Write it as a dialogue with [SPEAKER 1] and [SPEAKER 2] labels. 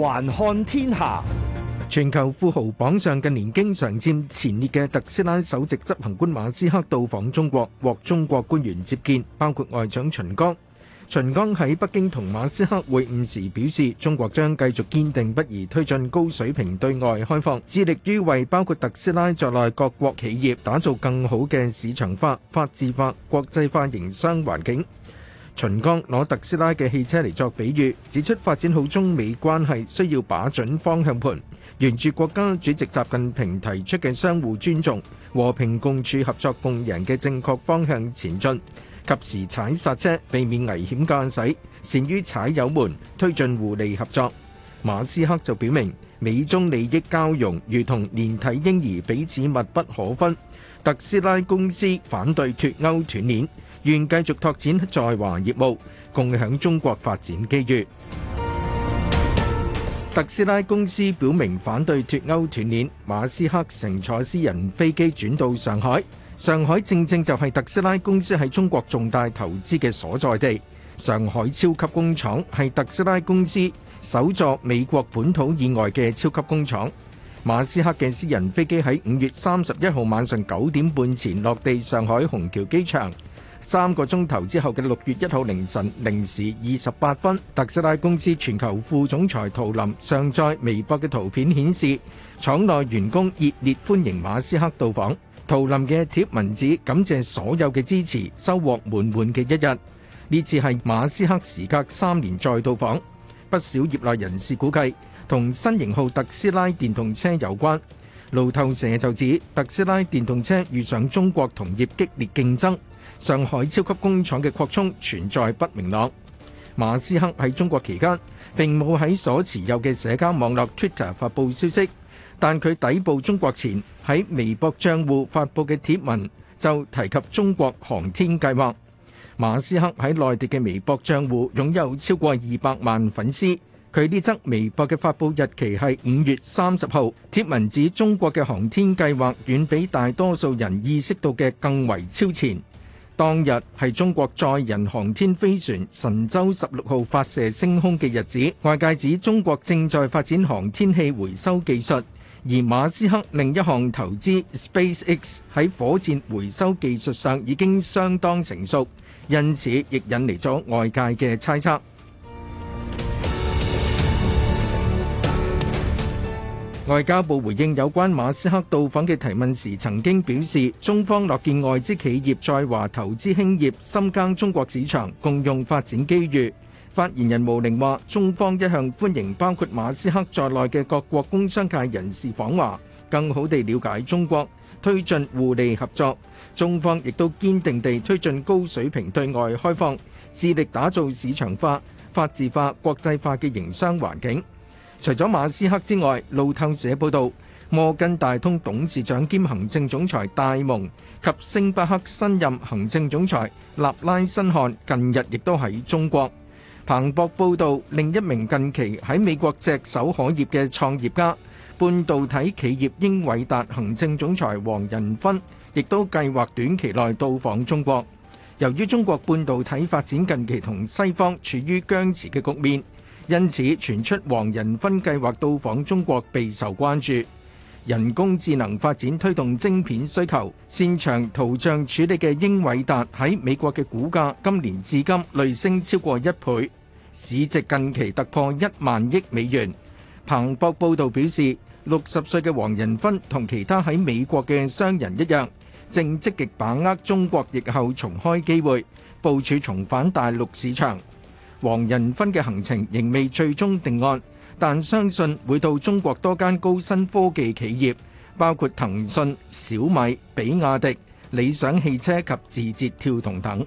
[SPEAKER 1] 環看天下，全球富豪榜上近年經常佔前列嘅特斯拉首席執行官馬斯克到訪中國，獲中國官員接見，包括外長秦剛。秦剛喺北京同馬斯克會晤時表示，中國將繼續堅定不移推進高水平對外開放，致力於為包括特斯拉在內各國企業打造更好嘅市場化、法治化、國際化營商環境。秦剛攞特斯拉嘅汽車嚟作比喻，指出發展好中美關係需要把準方向盤，沿住國家主席習近平提出嘅相互尊重、和平共處、合作共贏嘅正確方向前進，及時踩剎車，避免危險駕駛，善於踩油門，推進互利合作。馬斯克就表明，美中利益交融如同連體嬰兒，彼此密不可分。特斯拉公司反對脫鉤斷鏈。願繼續拓展在華業務，共享中國發展機遇。特斯拉公司表明反對脱鈎斷鏈。馬斯克乘坐私人飛機轉到上海，上海正正就係特斯拉公司喺中國重大投資嘅所在地。上海超級工廠係特斯拉公司首座美國本土以外嘅超級工廠。馬斯克嘅私人飛機喺五月三十一號晚上九點半前落地上海虹橋機場。三個鐘頭之後嘅六月一號凌晨零時二十八分，特斯拉公司全球副總裁陶林上載微博嘅圖片顯示，廠內員工熱烈歡迎馬斯克到訪。陶林嘅貼文字感謝所有嘅支持，收穫滿滿嘅一日。呢次係馬斯克時隔三年再到訪，不少業內人士估計同新型號特斯拉電動車有關。路透社就指特斯拉電動車遇上中國同業激烈競爭，上海超級工廠嘅擴充存在不明朗。馬斯克喺中國期間並冇喺所持有嘅社交網絡 Twitter 發佈消息，但佢抵埗中國前喺微博賬戶發佈嘅貼文就提及中國航天計劃。馬斯克喺內地嘅微博賬戶擁有超過二百萬粉絲。佢呢則微博嘅發布日期係五月三十號，貼文指中國嘅航天計劃遠比大多數人意識到嘅更為超前。當日係中國載人航天飛船神舟十六號發射升空嘅日子，外界指中國正在發展航天器回收技術，而馬斯克另一項投資 SpaceX 喺火箭回收技術上已經相當成熟，因此亦引嚟咗外界嘅猜測。外交部回應有關馬斯克到訪的提問時曾經表示，中方樂見外資企業在華投資興業，深耕中國市場，共用發展機遇。發言人毛寧話，中方一向歡迎包括馬斯克在內的各國工商界人士訪華，更好地了解中國，推進互利合作。中方亦都堅定地推進高水平對外開放，致力打造市場化、法治化、國際化的營商環境。除咗馬斯克之外，路透社報道，摩根大通董事長兼行政總裁戴蒙及星巴克新任行政總裁納拉辛漢近日亦都喺中國。彭博報道，另一名近期喺美國炙手可熱嘅創業家，半導體企業英偉達行政總裁黃仁勳，亦都計劃短期內到訪中國。由於中國半導體發展近期同西方處於僵持嘅局面。因此傳出黃仁勳計劃到訪中國，備受關注。人工智能發展推動晶片需求，擅長圖像處理嘅英偉達喺美國嘅股價今年至今累升超過黃仁勳嘅行程仍未最終定案，但相信會到中國多間高新科技企業，包括騰訊、小米、比亞迪、理想汽車及字節跳動等。